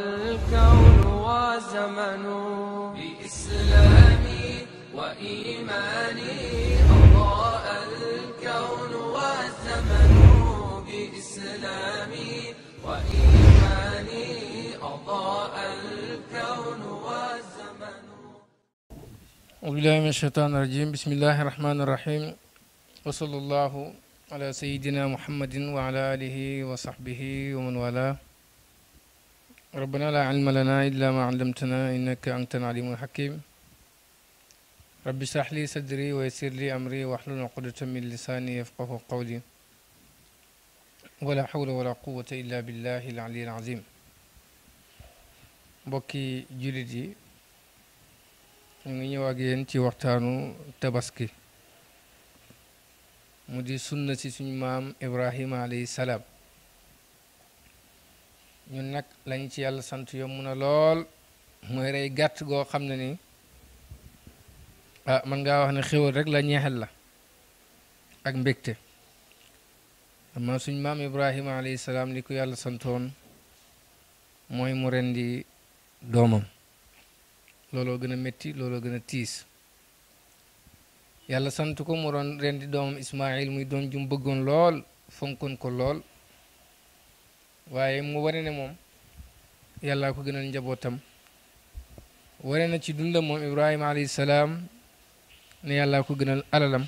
الكون وزمن بإسلامي وإيماني أضاء الكون والزمن بإسلامي وإيماني أضاء الكون والزمن أعوذ من الشيطان الرجيم بسم الله الرحمن الرحيم وصلى الله على سيدنا محمد وعلى آله وصحبه ومن والاه ربنا لا علم لنا إلا ما علمتنا إنك أنت العليم الحكيم رب اشرح لي صدري ويسر لي أمري واحلل عقدة من لساني يفقه قولي ولا حول ولا قوة إلا بالله العلي العظيم بكي جلدي نيو ñu تي وقتانو تبسكي مدي سنة waxtaanu إبراهيم عليه السلام ñun nag lañ ci yàlla sant yomb na lool mooy rey gàtt goo xam ne ni a ah, man ngaa wax ne xéwal rek la ñeexel la ak mbégte amma suñ maam Ibrahima alayhi salaam li ko yàlla santoon mooy mu rendi doomam looloo gën a métti looloo gën a tiis yàlla sant ko mu doon rendi doomam Ismaayil muy doom ju bëggoon lool fonkoon ko lool. waaye mu wane ne moom yàllaa ko gënal njabootam wane na ci dundam moom Ibrahima alayhi salaam ne yàllaa ko gënal alalam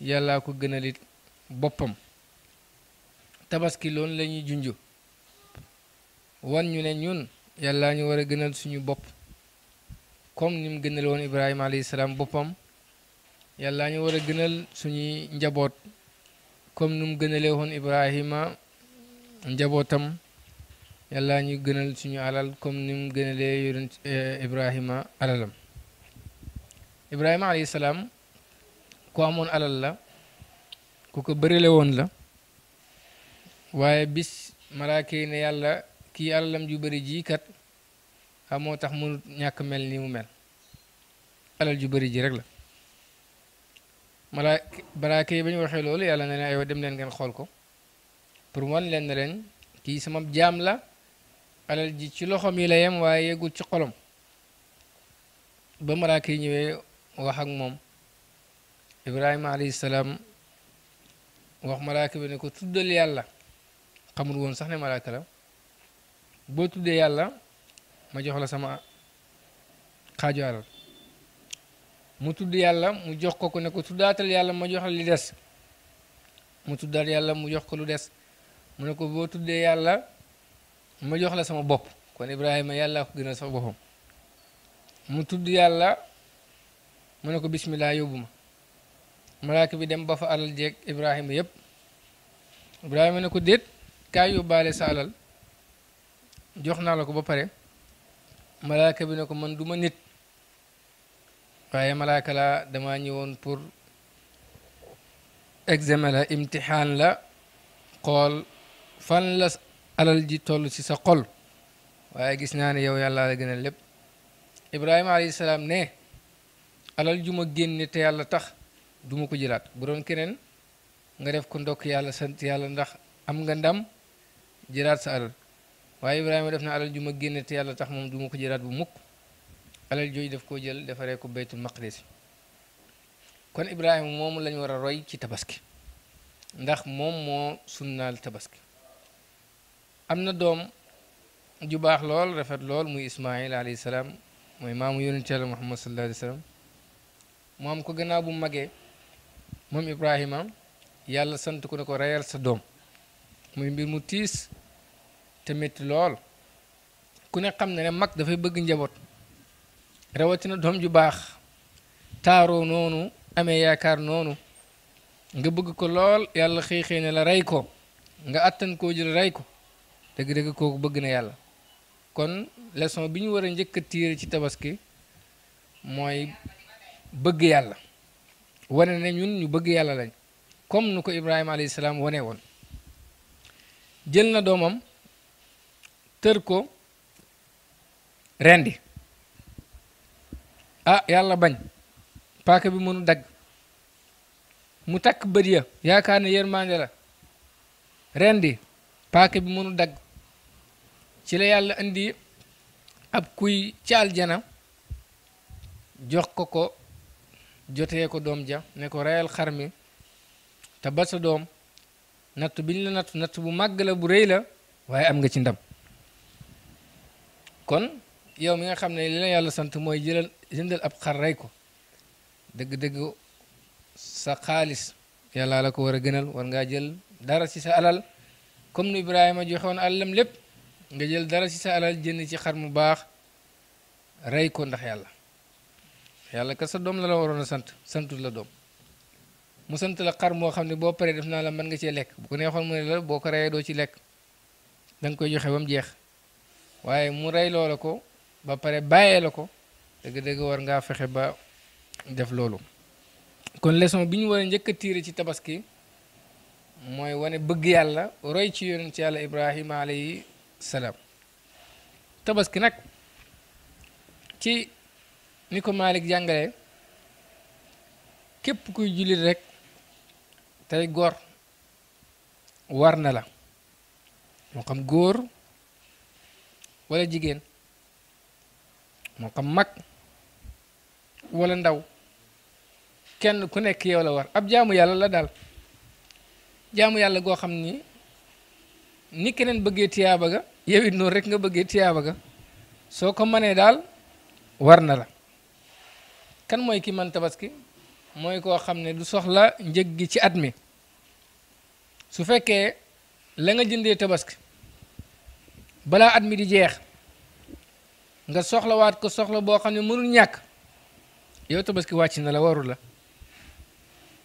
yàllaa ko gënalit boppam tabaski loolu la ñuy junj wan ñu ne ñun yàllaa ñu war a gënal suñu bopp comme ni mu gënal woon Ibrahima alayhi salaam boppam yàllaa ñu war a gënal suñuy njaboot comme ni mu gënalee Ibrahima. njabootam yàlla ñu gënal suñu alal comme ni mu gënalee yonent Ibrahima alalam Ibrahima alayhi salaam ku amoon alal la ku ko bërile woon la waaye bis malaaka ne yàlla kii alalam ju bëri ji kat xam tax mu ñàkk mel ni mu mel alal ju bëri ji rek la malaaka malaaka yi ba ñu waxee loolu yàlla ne ne aywa dem leen ngeen xool ko pour wan leen ren kii sama jaam la alal ji ci loxoom yi la yem waaye yeggul ci xolom ba malaaka yi ñëwee wax ak moom ibrahima alayhi salaam wax malaaka bi ne ko tuddal yàlla xamul woon sax ne malaaka la boo tuddee yàlla ma jox la sama xaaju alal mu tudd yàlla mu jox ko ko ne ko tuddaatal yàlla ma jox la li des mu tuddaat yàlla mu jox ko lu des mu ne ko boo tuddee yàlla ma jox la sama bopp kon Ibrahima yàlla ko gënal sax boppam mu tudd yàlla mu ne ko bismillah yóbbu ma malaaka bi dem ba fa alal jeeg Ibrahima yëpp Ibrahima ne ko déet kaay yóbbaale sa alal jox naa la ko ba pare malaaka bi ne ko man du ma nit waaye malaaka laa dama ñëwoon pour examen la imtixaan la xool fan la alal ji toll ci sa xol waaye gis naa ne yow yàlla la gën a lépp ibrahima alayhi salaam ne alal ju ma génne te yàlla tax duma ko jëlaat bu doon keneen nga def ko ndokk yàlla sant yàlla ndax am nga ndam jëlaat sa alal waaye ibrahima def na alal ju ma génne te yàlla tax moom duma ko jëlaat bu mukk alal jooju def koo jël defaree ko baytul maqdis kon ibrahima moomu lañu war a roy ci tabaski ndax moom moo sunnaal tabaski am na doom ju baax lool rafet lool muy Ismaayil alayhi salaam mooy maamu yonent Yàlla Muhammad sallallahu alayhi wa sallam mu am ko gannaaw bu mage moom Ibrahima yàlla sant ko ne ko reyal sa doom muy mbir mu tiis te métti lool ku ne xam na ne mag dafay bëgg njaboot rawatina doom ju baax taaroo noonu amee yaakaar noonu nga bëgg ko lool yàlla xëy xëy ne la rey ko nga attan koo jël rey ko dëgg-dëgg kooku bëgg na yàlla kon leçon bi ñu war njëkk a tiire ci tabaski mooy bëgg yàlla wane na ñun ñu bëgg yàlla lañ comme nu ko Ibrahima alayhi salaam wane woon jël na doomam tër ko rendi ah yàlla bañ paaka bi mënu dagg mu takk bët ya yaakaar ne yërmande la rendi paaka bi mënu dagg ci la yàlla indi ab kuy ca jana jox ko ko jotee ko doom ja ne ko reyal xar mi te basa doom natt bi ñu la natt natt bu màgg la bu rëy la waaye am nga ci ndam kon yow mi nga xam ne yàlla sant mooy jëlal jëndal ab xar rey ko dëgg-dëgg sa xaalis yàlla la ko war a gënal war ngaa jël dara ci sa alal comme nu Ibrahima joxe na alalam lépp nga jël dara ci sa alal jënd ci xar mu baax rey ko ndax yàlla yàlla ka sa doom lala waroon a sant santul la doom mu sant la xar moo xam ne boo paree def naa la man nga cee lekk bu ko neexoon mu ne la boo ko reyee doo ci lekk da koy joxe ba mu jeex waaye mu rey loola ko ba pare bàyyee la ko dëgg-dëgg war ngaa fexe ba def loolu kon leçon bi ñu war a njëkk a tiire ci tabaski mooy wane bëgg yàlla roy ci yonent yàlla Ibrahima alayhi salaam tabaski nag ci ni ko Malick jàngale képp kuy jullit rek tey góor war na la moo xam góor wala jigéen moo xam mag walla ndaw kenn ku nekk yow la war ab jaamu yàlla la daal jaamu yàlla goo xam ni ni keneen bëggee tiyaaba ga yow noonu rek nga bëggee tiyaaba ga soo ko mënee daal war na la kan mooy ki man tabaski mooy koo xam ne du soxla njëg gi ci at mi su fekkee la nga jëndee tabaski balaa at mi di jeex nga soxlawaat ko soxla boo xam ne mënul ñàkk yow tabaski wàcc na la warul la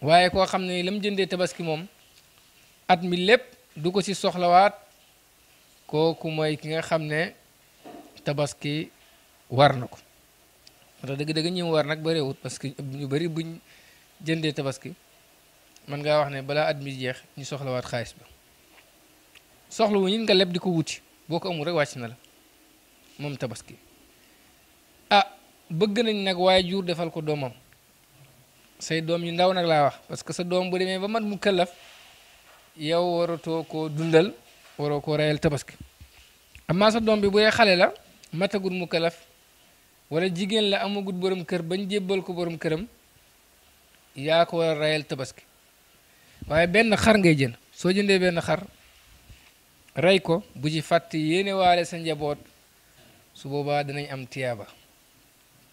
waaye koo xam ne lam jëndee tabaski moom at mi lépp du ko ci soxlawaat kooku mooy ki nga xam ne tabaski war na ko moo dëgg-dëgg ñi war nag bareewut parce que ñu bari buñ jëndee tabaski mën ngaa wax ne balaa at mi jeex ñu soxlawaat xaalis bi soxla wu ñit nga leb di ko wuti boo ko amul rek wàcc na la moom tabaski ah bëgg nañ nag waaye jur defal ko doomam say doom yu ndaw nag laa wax parce que sa doom bu demee ba mat mu këllaf yow waratoo ko dundal waroo ko reyal tabaski amaa sa doom bi bu dee xale la matagul mu kalaf wala jigéen la amagut borom kër bañ jébbal ko borom këram yaa ko war a reyal tabaski waaye benn xar ngay jën soo jëndee benn xar rey ko bu ci fàtte yéene waale sa njaboot su boobaa danañ am tiyaaba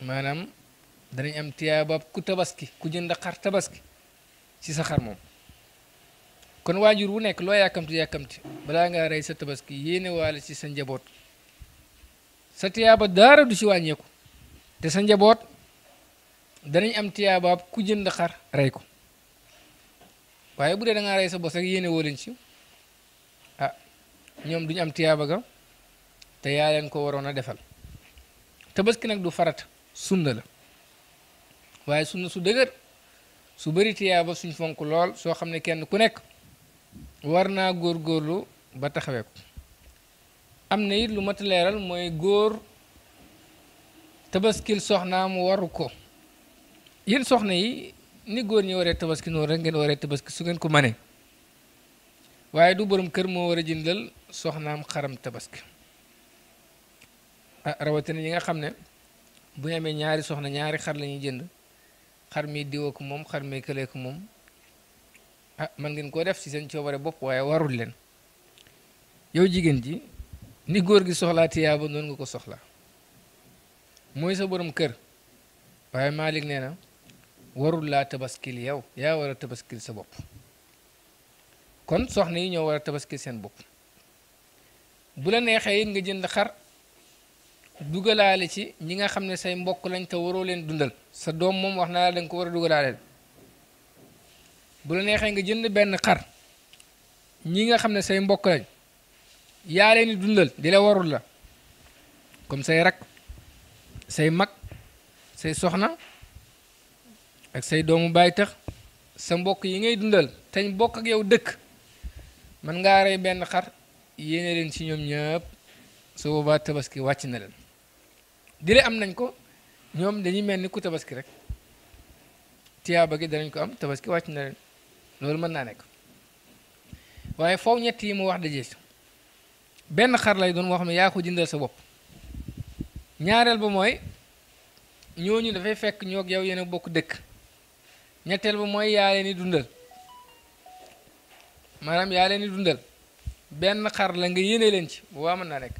maanaam danañ am tiyaaba ku tabaski ku jënd xar tabaski ci sa xar moom kon waajur wu nekk loo yàkkamti yàkkamti balaa ngaa rey sa tabaski yéene waale ci sa njaboot sa tiyaaba daara du ci wàññeeku te sa njaboot danañ am tiyaabaab ku jënd xar rey ko waaye bu dee da ngaa rey sa bos rek yéene woo leen ci ah ñoom duñu am tiyaaba ga te yaa leen ko waroon a defal tabaski nag du farat sunna la waaye sunna su dëgër su bëri tiyaaba suñ fonk lool soo xam ne kenn ku nekk war naa góor góorlu ba taxawee ko am na it lu mat leeral mooy góor tabaskil soxnaam waru ko yéen soxna yi ni góor ñi waree tabaski noonu rek ngeen waree tabaski su ngeen ko manee waaye du borom kër moo war a jëndal soxnaam xaram tabaski ah rawatina ñi nga xam ne bu ñu amee ñaari soxna ñaari xar lañuy jënd xar mii diwa ko moom xar mi këlee ko moom ah man ngeen koo def ci seen coobare bopp waaye warul leen yow jigéen ji ni góor gi soxlaa tiyaaba noonu nga ko soxla mooy sa borom kër waaye Malick nee na warul laa tabaskil yow yaa war a tabaskil sa bopp kon soxna yi ñoo war a tabaskil seen bopp bu la neexee it nga jënd xar dugalaale ci ñi nga xam ne say mbokk lañ te waroo leen dundal sa doom moom wax naa la da nga ko war a dugalaale bu la neexee nga jënd benn xar ñi nga xam ne say mbokk lañ yaa leen dundal di la warul la comme say rak say mag say soxna ak say doomu baay tax sa mbokk yi ngay dundal teñ bokk ak yow dëkk mën ngaa rey benn xar yéene leen ci ñoom ñëpp su boobaa tabaski wàcc na leen di le am nañ ko ñoom dañuy mel ni ku tabaski rek tiyaaba gi danañ ko am tabaski wàcc na leen loolu mën naa nekk waaye foog ñett yi mu wax dajee si benn xar lay doon moo xam ne yaa ko jëndal sa bopp ñaareel ba mooy ñooñu dafay fekk ñoo yow yéen a bokk dëkk ñetteel ba mooy yaa leen di dundal maanaam yaa leen dundal benn xar la nga yéene leen ci bu waa mën naa nekk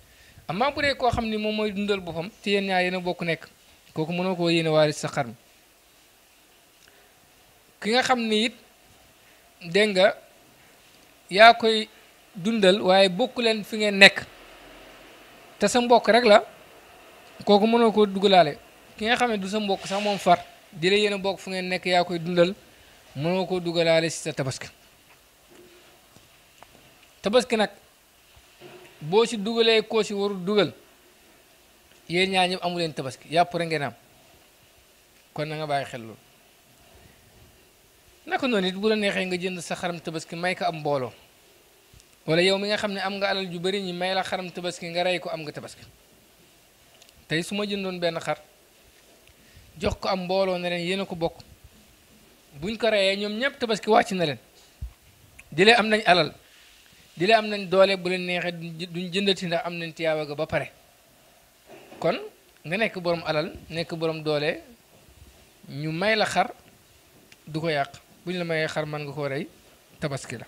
amaa bu dee koo xam ni moom mooy dundal boppam te yéen ñaa yéen a bokk nekk kooku mënoo koo yéene waaris sa xar mi ki nga xam ni it dégg nga yaa koy dundal waaye bokk leen fi ngeen nekk te sa mbokk rek la kooku mënoo koo dugalaale ki nga xam ne du sa mbokk sax moom far di la yéen bokk fu ngeen nekk yaa koy dundal mënoo koo dugalaale si sa tabaski tabaski nag boo si dugalee koo si warul dugal yéen ñaa ñëpp amu leen tabaski yàpp rek ngeen am kon nanga bàyyi xel loolu naka noonu it bu la neexee nga jënd sa xaram tabaski may ko am mbooloo wala yow mi nga xam ne am nga alal ju bari ñi may la xaram tabaski nga rey ko am nga tabaski tey su ma jëndoon benn xar jox ko am mbooloo ne yéen a ko bokk buñ ko reyee ñoom ñëpp tabaski wàcc na leen di am nañ alal di lee am nañ doole bu leen neexee duñ jëndati ndax am nañ tiyaaba ga ba pare kon nga nekk borom alal nekk borom doole ñu may la xar du ko yàq bu ñu la mayee xar man nga koo rey tabaski la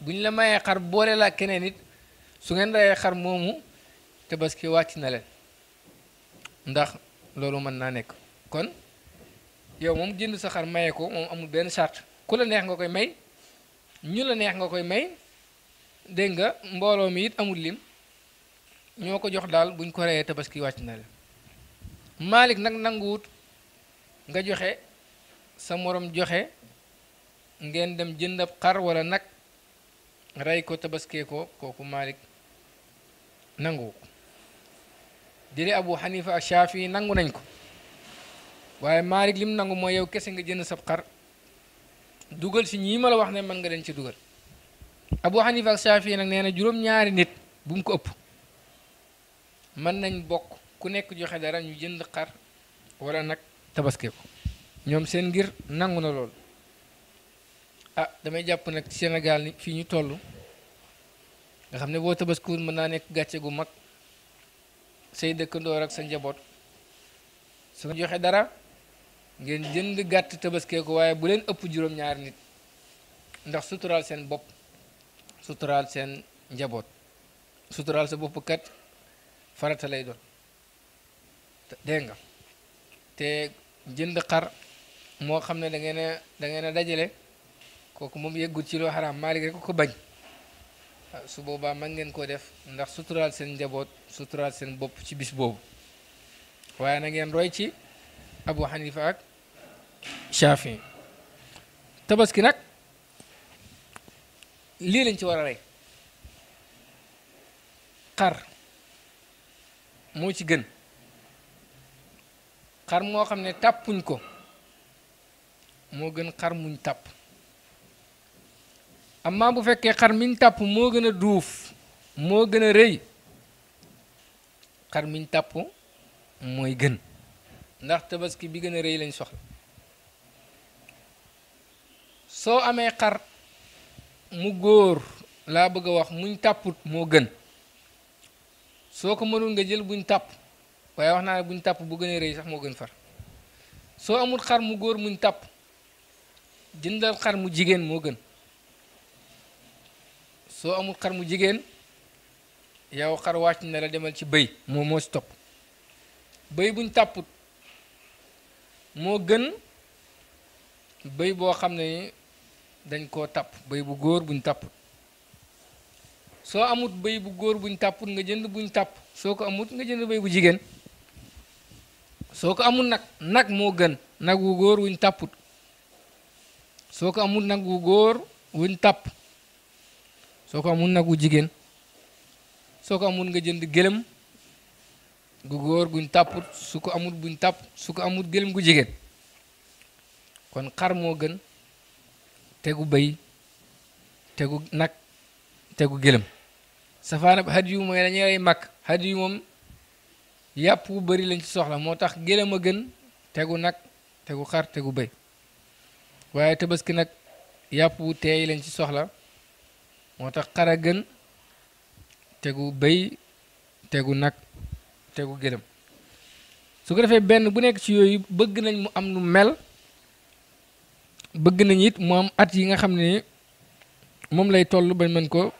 bu ñu la mayee xar boole laa keneen it su ngeen reyee xar moomu tabaski wàcc na leen ndax loolu mën naa nekk kon yow moom jënd sa xar mayee ko moom amul benn charte ku la neex nga koy may ñu la neex nga koy may dégg nga mbooloo mi it amul lim ñoo ko jox daal buñ ko reyee tabaski wàcc na leen Malik nag nanguwut nga joxe sa moroom joxe ngeen dem kar xar wala nag rey ko tabaskee ko kooku Malik nangu ko Abu Hanifa ak Shafi nangu nañ ko waaye Malik lim nangu mooy yow kese nga jënd sab xar dugal si ñii ma la wax ne man nga ci dugal Abu Hanifa ak Shafi nag nee na juróom-ñaari nit bu mu ko ëpp man nañ bokk ku nekk joxe dara ñu jënd xar wala nag tabaskee ko ñoom seen ngir nangu na loolu ah damay jàpp nag Sénégal ni fii ñu toll nga xam ne boo tabaskiwul mën naa nekk gàcce gu mag say dëkkandoor ak sa njaboot su nga joxe dara ngeen jënd gàtt tabaskee ko waaye bu leen ëpp juróom ñaar nit ndax suturaal seen bopp suturaal seen njaboot suturaal sa bopp kat farata lay doon dégg nga te jënd xar moo xam ne da ngeen da ngeen a dajale kooku moom yëggut ya, ci loo xaraam maalik rek ko bañ ah, su boobaa man ngeen ko def ndax sutural seen njaboot sutural seen bopp ci bis boobu waaye na ngeen roy ci abu hanifa ak shafi tabaski nag lii lañ ci war a rey xar moo ci gën xar moo xam ne tàppuñ ko moo gën xar muñ tàpp amma bu fekkee xar miñ tàpp moo gën a duuf moo gën a rëy xar miñ tàpp mooy gën ndax tabaski bi gën a rëy lañ soxla soo amee xar mu góor laa bëgg a wax muñ tàpput moo gën soo ko mënul nga jël buñ tàpp waaye wax naa ne buñ tàpp bu gën a rëy sax moo gën far soo amul xar mu góor muñ tàpp jëndal xar mu jigéen moo gën soo amul xar mu jigéen yow xar wàcc na demal ci bëy moo moo si topp bëy buñ tàpput moo gën bëy boo xam ne dañ koo tapp bëy bu góor buñ tàpput soo amut bëy bu góor buñ tàpput nga jënd buñ tàpp soo ko amut nga jënd bëy bu jigéen soo ko amul nag nag moo gën nag wu góor wuñ tàpput soo ko amul nag wu góor wuñ tàpp soo ko amul nag wu jigéen soo ko amul nga jënd gëlëm gu góor guñ tàpput su ko amul buñ tàpp su ko amul gëlëm gu jigéen kon xar moo gën tegu bëy tegu nag tegu gëlëm safaanab had yu mag had yu moom yàpp wu bari lañ ci soxla moo tax gëlëm a gën tegu nag tegu xar tegu bëy waaye tabaski nag yàpp wu teey lañ ci soxla moo tax xar a gën tegu béy tegu nag tegu gëlëm su ko defee benn bu nekk ci yooyu bëgg nañ mu am nu mel bëgg nañ it moom at yi nga xam ne moom lay toll bañ mën ko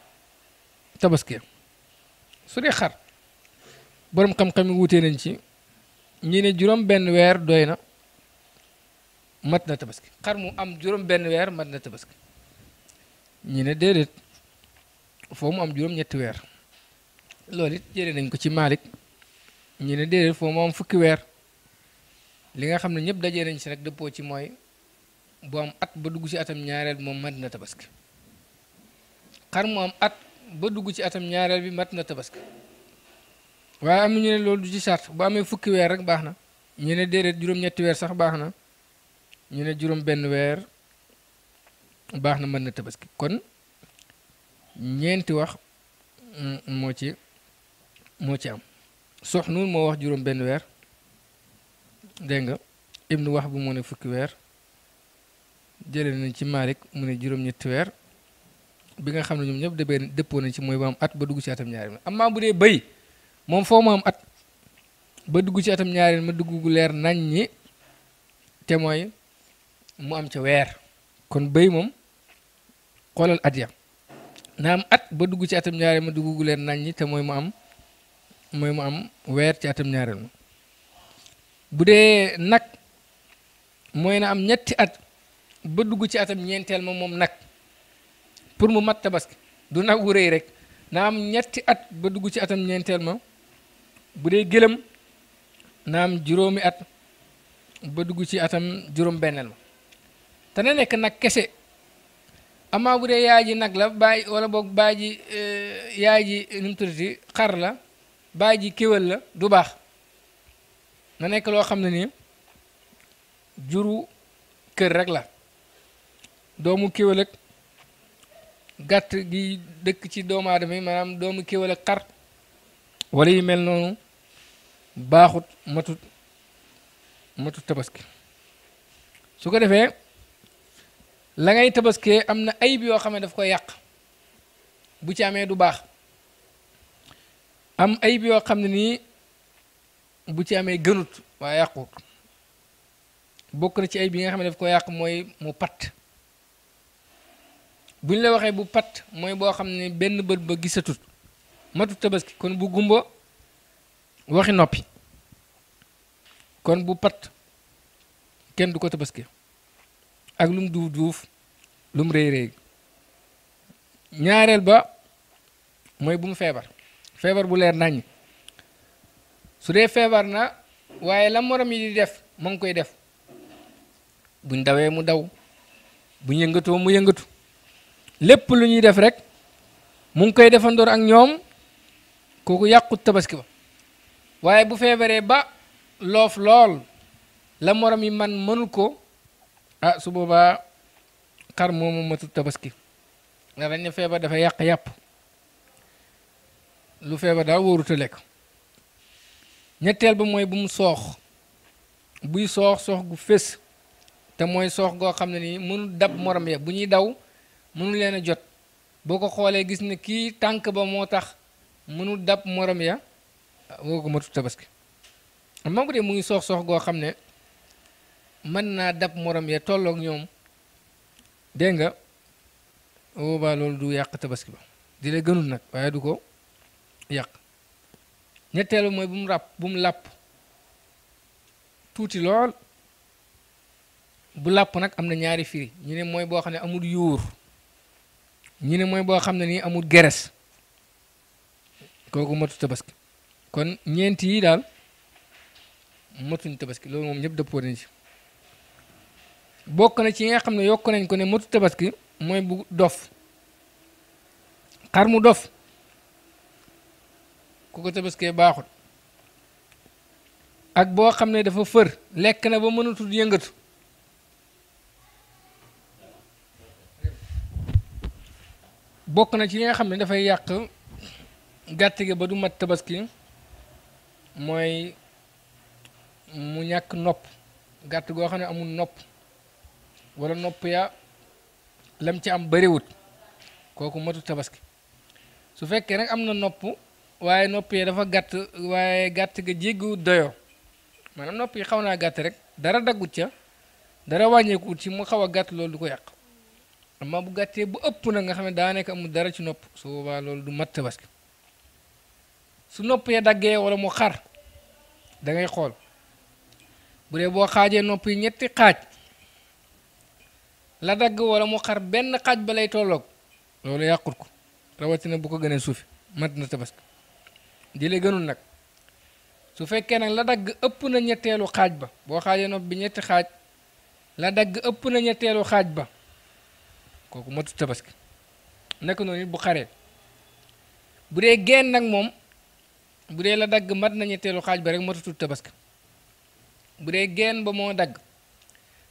tabaskee su dee xar boroom xam-xam yi nañ ci ñi ne juróom benn weer doy na mat na tabaski xar mu am juróom benn weer mat na tabaski ñi ne déedéet foo mu am juróom-ñetti weer loolu it jëlee nañ ko ci Malick ñu ne déedéet foo mu am fukki weer li nga xam ne ñëpp dajee nañ si rek dëppoo ci mooy bu am at ba dugg ci atam ñaareel moom mat tabaski xar mu am at ba dugg ci atam ñaareel bi mat na tabaski waaye am ñu ne loolu du ci sart bu amee fukki weer rek baax na ñu ne déedéet juróom-ñetti weer sax baax na ñu ne juróom benn weer baax na mën na tabaski kon ñeenti wax moo ci moo ci am soxnuun moo wax juróom benn weer dégg nga ibnu wax bu mu ne fukki weer jëlee nañ ci Malik mu ne juróom-ñetti weer bi nga xam ne ñoom ñëpp dëppee dëppoo nañ ci mooy ba am at ba dugg ci atam ñaari ma amaa bu dee bëy moom foo mu am at ba dugg ci atam ma dugg gu leer nañ ñi te mooy mu am ca weer kon bëy moom xoolal at ya na am at ba dugg ci atam ñaareel ma dugg gu leen nañ ñi te mooy mu am mooy mu am weer ci atam ñaareel ma bu dee nag mooy na am ñetti at ba dugg ci atam ñeenteel ma moom nag pour mu mat tabaski du nag wu rëy rek na am ñetti at ba dugg ci atam ñeenteel bu dee gëlëm na am juróomi at ba dugg ci atam juróom benneel ma te na nekk nag kese amaa bu dee yaay ji nag la baay wala boog baay ji eh, yaay ji eh, nu mu xar la baay ji kéwél la du baax na nekk loo xam ne nii juru kër rek la doomu kéwél gàtt gi dëkk ci doomu aadama yi maanaam doomu kéwél ak xar wala yi mel noonu baaxut matut matut tabaski su ko defee la ngay tabaskee am na ayib yoo xam ne daf koy yàq bu ci amee du baax am ayib yoo xam ne nii bu ci amee gënut waaye yàquut bokk na ci ayib yi nga xam ne daf koy yàq mooy mu pat bu ñu la waxee bu pat mooy boo xam ne benn bët ba gisatut matut tabaski kon bu gumba waxi noppi kon bu pat kenn du ko tabaski ak lum duuf duuf lu mu rëy rëy ñaareel ba mooy bu feebar feebar bu leer naññ su dee feebar na waaye la morom yi di def moo ngi koy def buñ dawee mu daw buñ yëngatoo mu yëngatu lépp lu ñuy def rek mu ngi koy defandoor ak ñoom kooku yàqut tabaski ba waaye bu feebaree ba loof lool la morom yi man mënul ko ah su boobaa kar xar mo matut tabaski nga dañ ne da dafa yak yap lu feebar da wóorut lek. lekk ñetteel ba mooy bu mu soh buy sox sox gu fess te moy sox go xamne ni nii dab moram ya bu ñi daw mënul leen jot boko ko gis ne ki tank ba moo tax dab moram ya woko ko matut tabaski moom bu dee mu ngi sox sox go xamne man na dab moram ya tolok ñom dégg nga boobaa loolu du yàq tabaski ba di la gënul nag waaye du ko yàq ñetteelu mooy bu mu ràpp bu mu làpp tuuti lool bu làpp nag am na ñaari firi ñu ne mooy boo xam ne amul yuur ñu ne mooy boo xam ne nii amul geres kooku matu tabaski kon ñeenti yi daal matuñ tabaski loolu moom ñëpp dëppoo nañ ci bokk na ci yi nga xam ne yokk nañ ko ne matu tabaski mooy bu dof xar mu dof ku ko tabaskee baaxut ak boo xam ne dafa fër lekk na ba mënatul yëngatu bokk na ci li nga xam ne dafay yàq gàtt gi ba du mat tabaski mooy mu ñàkk nopp gàtt goo xam ne amul nopp wala nopp ya lam ci am bëriwut kooku matu tabaski su fekkee nag am na nopp waaye nopp ya dafa gàtt waaye gàtt ga jéggiwut doyoo maanaam nopp yi xaw naa gàtt rek dara daggut ca dara wàññeekuwut ci mu xaw a gàtt loolu du ko yàq amma bu gàttee bu ëpp na nga xam ne daa nekk amul dara ci nopp su boobaa loolu du matt tabaski su nopp ya daggee wala mu xar dangay xool bu dee boo xaajee nopp ñetti xaaj la dagg wala mu xar benn xaaj ba lay tolloog loolu yàqut ko rawatina bu ko gënee suufi mat na tabaska di la gënul nag su fekkee nag la dagg ëpp na ñetteelu xaaj ba boo xaajee nopp bi ñetti xaaj la dagg ëpp na ñetteelu xaaj ba kooku matu tabaski nekk noonu bu xaree bu dee geen nag moom bu dee la dagg mat na ñetteelu xaaj ba rek matutut tabaski bu dee geen ba moo dagg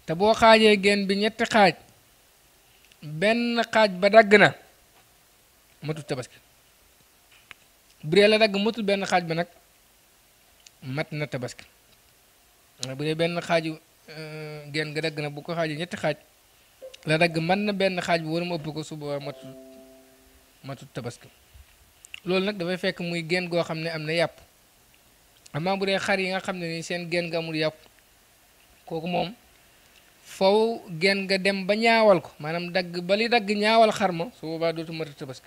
te boo xaajee gen bi ñetti xaaj benn xaaj ba dagg na matul tabaski bu dee la dagg matul benn xaaj ba nag mat na tabaski bu dee benn xaaju euh, gen ga dagg na bu ko xaajee ñetti xaaj la dagg man na benn xaaj bu war mu ëpp ko suba matul matul tabaski loolu nag dafay fekk muy gen goo xam ne am na yàpp amaa bu dee xar nga xam ne ni seen nga amul yàpp kooku moom faw gen nga dem ba ñaawal ko manam dag ba li dag ñaawal xarma su ba do tu mata tabask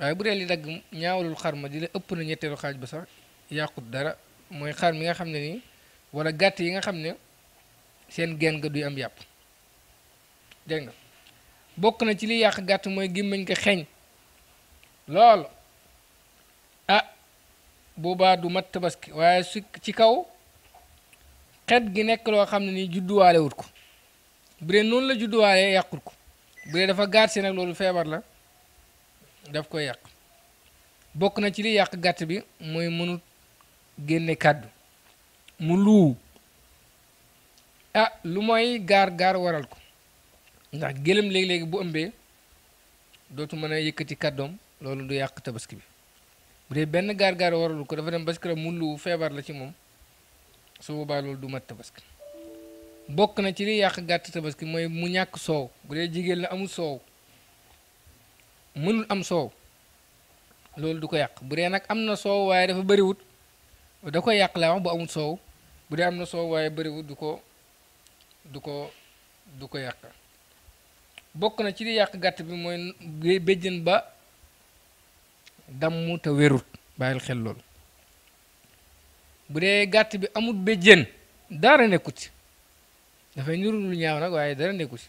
waaye bu re li dag ñaawalul xarma di la ëpp na ñettelu xaj ba sax yaqut dara moy xar mi nga xamne ni wala gatt yi nga xamne gen nga du am yap dégg nga bok na ci li yàq gàtt mooy gémmiñ ko lol a ah ba du mat tabask way ci kaw xet gi nek lo xamne ni juddu ko bu dee noonu la judduwaale yàqul ko bu dee dafa gàtt si nag loolu feebar la daf koy yàq bokk na ci li yàq gàtt bi mooy mënut génne kàddu mu luuw ah lu mooy gaar gaar waral ko ndax gëlëm léegi-léegi bu ëmbee dootu mën a yëkkati kàddoom loolu du yàq tabaski bi bu dee benn gaar gaar waralu ko dafa dem baskira mu luuw feebar la ci moom su boobaa loolu du mat tabaski bokk na ci li yàq gàtt tabaski mooy mu ñàkk soow bu dee jigéen la amul soow mënul am soow loolu du ko yàq bu dee nag am na soow waaye dafa bariwut da ko yàq laa wax bu amul soow bu dee am na soow waaye bëriwut du ko du ko du ko yàq bokk na ci li yàq gàtt bi mooy béjjën ba damm te wérut bàyyil xel loolu bu dee gàtt bi amul béjjën dara nekkut dafay niru lu ñaaw nag waaye dara nekku ci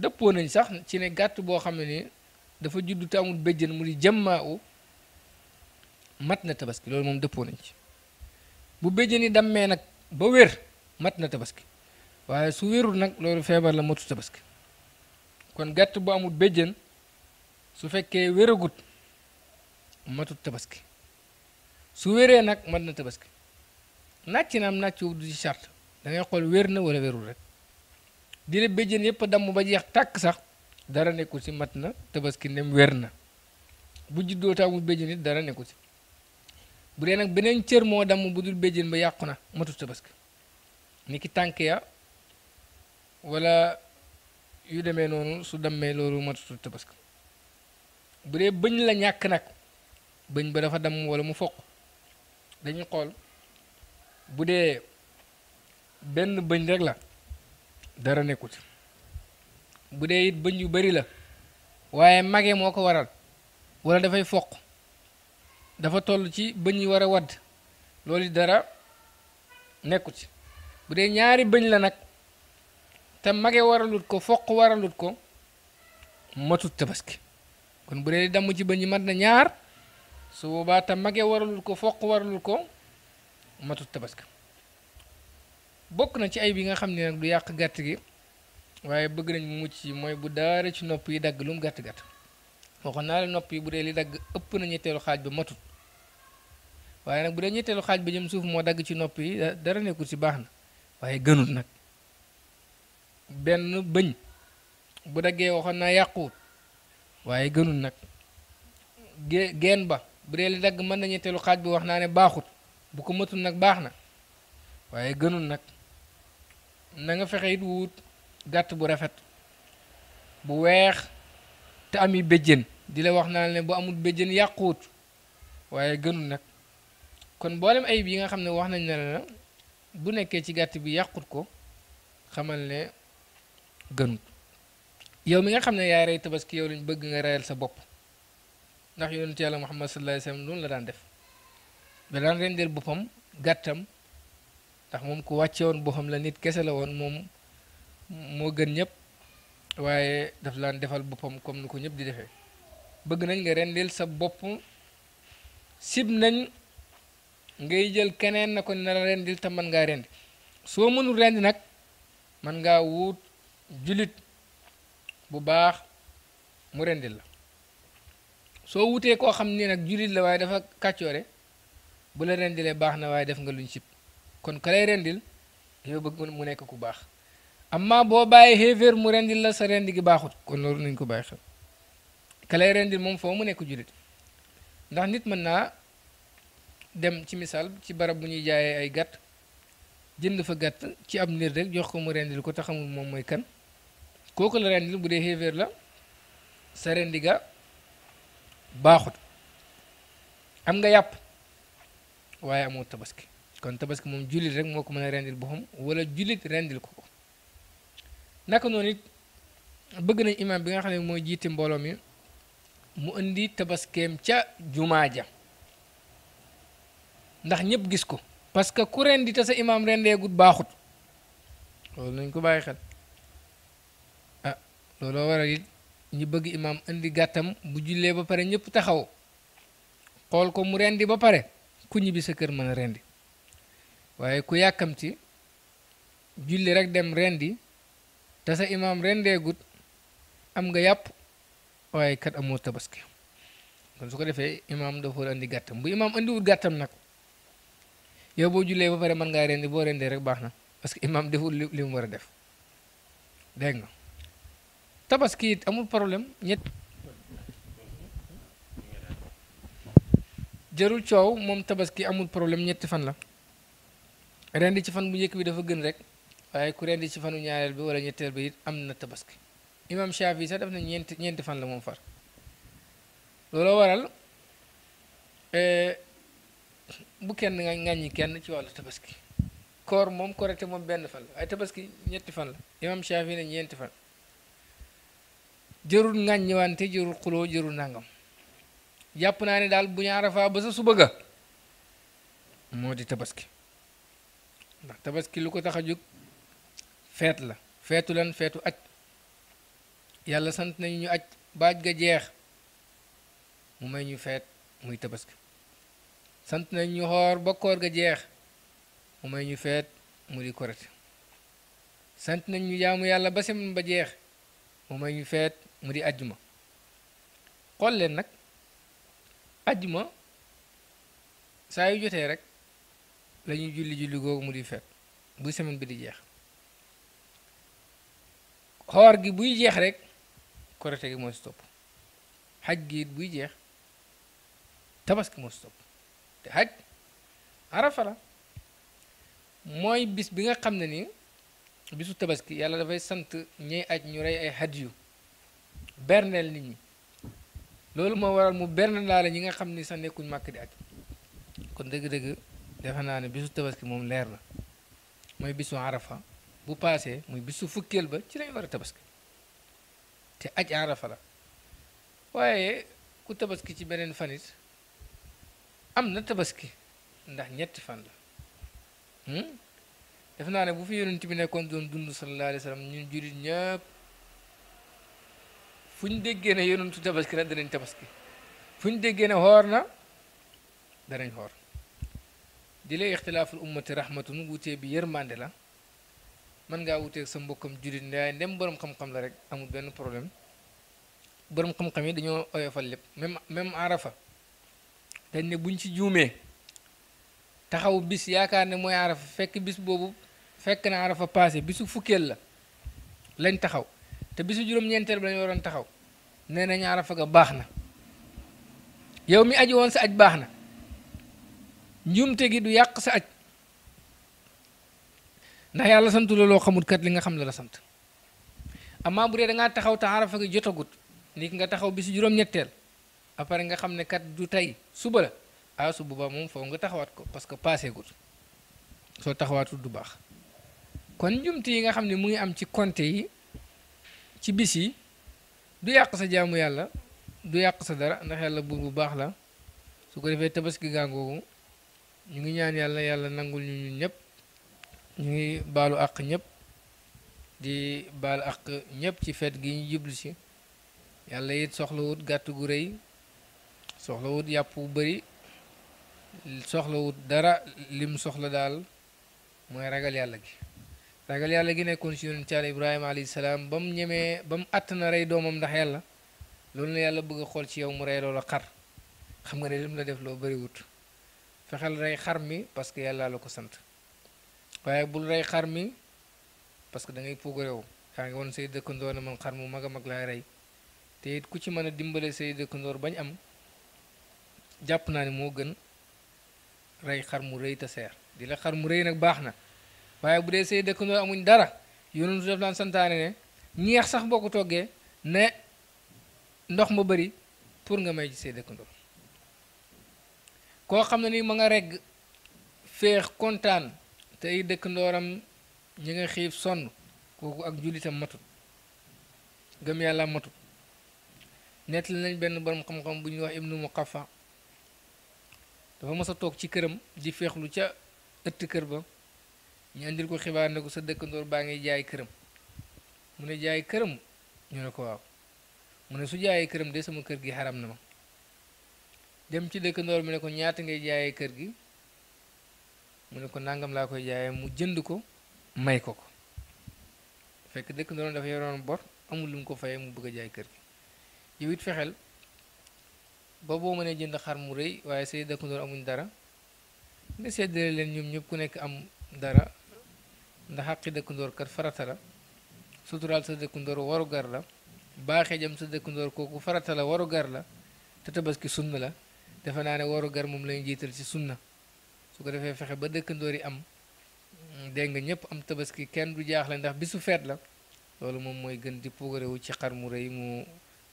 dëppoo nañ sax ci ne gàtt boo xam ne ni dafa judd te amul béjjën mu di jëmmaa u mat na tabaski loolu moom dëppoo nañ ci bu béjjën yi dammee nag ba wér mat na tabaski waaye su wérul nag loolu feebar la matu tabaski kon gàtt bu amut béjjën su fekkee wéragut matut tabaski su wéree nag mat na tabaski nàcc naa am nàcc wu du ci charte da xool weer na wala wérul rek di la béjjén yëpp damm ba jeex tàkk sax dara nekkul si mat na tabaski nem weer na bu juddoo taamul béjjén it dara nekkul si bu dee nag beneen cër moo damm bu dul béjjén ba yàqu na matul tabaski ni tànk ya wala yu demee noonu su dammee loolu matutul tabaski bu dee bëñ la ñàkk nag bëñ ba dafa damm wala mu foq dañuy xool bu dee benn bëñ rek la dara nekku ci bu dee it bëñ yu bari la waaye mage moo ko waral wala dafay foq dafa toll ci bëñ yi war a wadd loolu dara nekku ci bu dee ñaari bëñ la nag te mage waralut ko foq waralut ko matut tabaski kon bu dee damm ci bëñ yi mat na ñaar su boobaa te mage waralut ko foq waralut ko matut tabaski bokk na ci ay bi nga xam ne nag du yàq gàtt gi waaye bëgg nañ mu mucc yi mooy bu daara ci nopp yi dagg lu mu gàtt-gàtt waxoon naa la nopp yi bu dee li dagg ëpp na ñetteelu xaaj ba matut waaye nag bu dee ñetteelu xaaj ba jëm suuf moo dagg ci nopp dara nekkul ci baax na waaye gënut nag benn bëñ bu daggee waxoon naa yàquwut waaye gënut nag geen ba bu dee li dagg mën na ñetteelu xaaj bi wax naa ne baaxut bu ko matul nag baax na waaye gënul nag na nga fexe it wut gàtt bu rafet bu weex te ami bëjjën di la wax naa ne bu amul bëjjën yàquwut waaye gënul nag kon boolem ayib yi nga xam ne wax nañ ne la bu nekkee ci gàtt bi yàqut ko xamal ne gënut yow mi nga xam ne yaay rey tabaski yow lañ bëgg nga reyal sa bopp ndax yonent yàlla Muhammad sallallahu alayhi wa sallam noonu la daan def da daan rendeel boppam gàttam ndax moom ku wàcce woon boo xam la nit kese la woon moom moo gën ñëpp waaye daf laan defal boppam comme nu ko ñëpp di defee bëgg nañ nga rendil sa bopp sib nañ ngay jël keneen na ko na la rendil te mën ngaa rendi soo mënul rendi nag man ngaa wuut julit bu baax mu rendil la soo wutee koo xam ni nag julit la waaye dafa kàccoore bu la rendilee baax na waaye def nga luñ sib kon ka lay rendil yow bëgg mu nekk ku baax amma boo bàyyi xéeféer mu rendil la sa rendi gi baaxut kon loolu nañ ko baax xel ka lay rendil moom foo mu nekk jullit ndax nit mën naa dem ci misaal ci barab bu ñuy jaayee ay gatt jënd fa gatt ci ab niir rek jox ko mu rendil ko te xamul moom mooy kan kooku la rendil bu dee xéeféer la sa rendi ga baaxut am nga yàpp waaye amoo tabaski kon tabaski moom jullit rek moo ko mën a rendil boppam wala jullit rendil ko ko naka noonu it bëgg nañ imam bi nga xam ne mooy jiite mbooloo mi mu indi tabaskeem ca jumaaja ndax ñëpp gis ko parce que ku rendi te sa imaam rendeegut baaxut loolu nañ ko bàyyi xel ah looloo waral it ñu bëgg imam indi gàttam bu jullee ba pare ñëpp taxaw xool ko mu rendi ba pare ku ñibi sa kër mën rendi waaye ku yàkkamti julli rek dem rendi te sa imaam rendeegut am nga yàpp waaye kat amoo tabaski kon su ko defee imaam dafa war a andi gàttam bu imaam andiwul gàttam nag yow boo jullee ba pare man ngaa rendi boo rendee rek baax na parce que imaam deful li mu war a def dégg nga tabaski amul problème ñett jarul moom tabaski amul problème ñetti fan la rendi ci fan bu njëkk bi dafa gën rek waaye ku rendi ci fanu ñaareel bi wala ñetteel bi it am na tabaski imam Shafi sax def na ñeenti ñeenti fan la moom far looloo waral eh, bu kenn nga ŋàññi kenn ci wàllu tabaski koor moom korite moom benn fan la waaye tabaski ñetti fan la imam Shafi ne ñeenti fan jërul ŋàññiwante jërul xuloo jërul nangam jàpp naa ne daal bu ñu arafaa ba sa suba ga moo di tabaski ndax tabaski lu ko tax jóg feet la feetu lan feetu aj yàlla sant nañu ñu aj baaj ga jeex mu may ñu feet muy tabaski sant nañu ñu xoor ba ga jeex mu may ñu feet mu di korite sant nañ ñu jaamu yàlla ba semaine jeex mu may ñu feet mu di ajjuma xool leen nag ajjuma saa yu jotee rek lañuy ñuy julli julli googu mu di fet buy semaine bi di jeex xoor gi buy jeex rek korite gi mooy stop topp xaj gi it buy jeex tabaski moo si te xaj arafa la mooy bis bi nga xam ne ni bisu tabaski yàlla dafay sant ñey aj ñu rey ay xaj yu berneel nit ñi loolu moo waral mu berneel laa la ñi nga xam ni sax nekkuñ màkk di aj kon dëgg-dëgg defe naa ne bisu tabaski moom leer na mooy bisu arafa bu paasee muy bisu fukkeel ba ci lañ war a tabaski te aj arafa la waaye ku tabaski ci beneen fanit am na tabaski ndax ñetti fan la hmm? defe naa ne bu fi yonent bi nekkoon doon dund sallallahu alayhi ñu sallam ñun jullit ñëpp fu ñu déggee ne yonentu tabaski na danañ tabaski fu ñu déggee ne xoor na danañ xoor dile lay ixtilaaful ummati rahmatun wute bi yërmande la mën ngaa wuteeg sa mbokam jullit ndaay dem borom xam-xam la rek amul ben problème borom xam-xam yi dañoo oyofal lépp même même arafa dañ ne buñ ci jume taxaw bis yaakaar ne mooy arafa fekk bis boobu fekk na arafa passé bisu fukkeel la lañ taxaw te bisu juróom-ñeenteel bi lañ waroon taxaw nee nañ arafa ga baax na yow mi aji woon sa aj baax na. njumte gi du yàq sa aj ndax yàlla santu la loo xamut kat li nga xam la la sant amaa bu dee da ngaa taxaw ta arafa gi jotagut ni nga taxaw bi si juróom-ñetteel après nga xam ne kat du tey suba la ah suba ba moom foofu nga taxawaat ko parce que passé gut soo taxawaatul du baax kon njumte yi nga xam ne mu ngi am ci compte yi ci bis du yàq sa jaamu yàlla du yàq sa dara ndax yàlla buur bu baax la su ko defee tabaski ñu ngi ñaan yàlla yàlla nangul ñu ñun ñëpp ñu ngi baalu àq di baal àq ñëpp ci fet gi ñu jublu si yàlla it soxlawut gàtt gu rëy soxlawut yàpp bu bëri soxlawut dara lim soxla daal mooy ragal yàlla gi ragal yàlla gi nekkoon si yonent yàlla ibrahima alayhi salaam ba mu ñemee ba mu àtt na rey doomam ndax yàlla loolu la yàlla bëgg a ci yow mu rey loola xar xam nga ne lim la def loo bëriwut fexeel rey xar mi parce que yàlla la ko sant waaye bul rey xar mi parce que da ngay puugarewu yaa ngi woon say dëkkandoor ne man xar mu mag a mag laay rey te it ku ci mën a dimbale dëkk dëkkandoor bañ am jàpp naa ne moo gën rey xar mu rëy te seer di la xar mu rëy nag baax na waaye bu dee dëkk dëkkandoor amuñ dara yonentu def daan santaane ne ñeex sax boo ko toggee ne ndox ma bëri pour nga may ci say dëkkandoor koo xam ne ni ma nga regg féex kontaan te ay dëkk ndooram nga xiif sonn kooku ak jullitam matut gëm yàlla matut nettali nañ benn borom xam-xam bu ñuy wax ibnu muqafa dafa mës a toog ci këram di feexlu ca ëtt kër ba ñu andil ko xibaar ne ko sa dëkkandoor baa ngi jaay këram mu ne jaay këram ñu ne ko waaw mu ne su jaayee këram de sama kër gi xaram na ma dem ci dëkk ndoor mu ne ko ñaata ngay jaaye kër gi mu ne ko nangam laa koy jaayee mu jënd ko may ko ko fekk dëkk dëkkandoor dafa yoroon bor amul lu mu ko fayee mu bëgg a jaay kër gi yow it fexeel ba boo mënee jënd xar mu rëy waaye say dëkkandoor amuñ dara nga seddale leen ñoom ñëpp ku nekk am dara ndax xaqi dëkkandoor kat farata la suturaal sa dëkkandoor warugar la baaxee jëm sa dëkkandoor kooku farata la warugar la te tabaski sunna la defe naa ne warugar moom lañu jiital ci sunna su ko defee fexe ba dëkkandoor yi am dégg nga ñëpp am tabaski kenn du jaaxle ndax bisu feet la loolu moom mooy gën di puugarewu ci xar mu rëy mu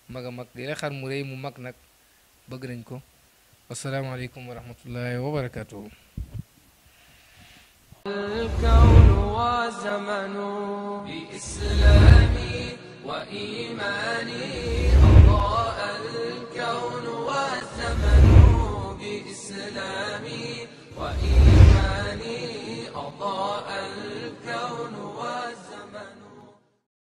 mag a mag léeg xar mu rëy mu mag nag bëgg nañ ko asalaamaaleykum wa rahmatullahi wa barakatuhu الكون وزمن بإسلامي وإيماني أضاء الكون والزمن الإسلام وإيمان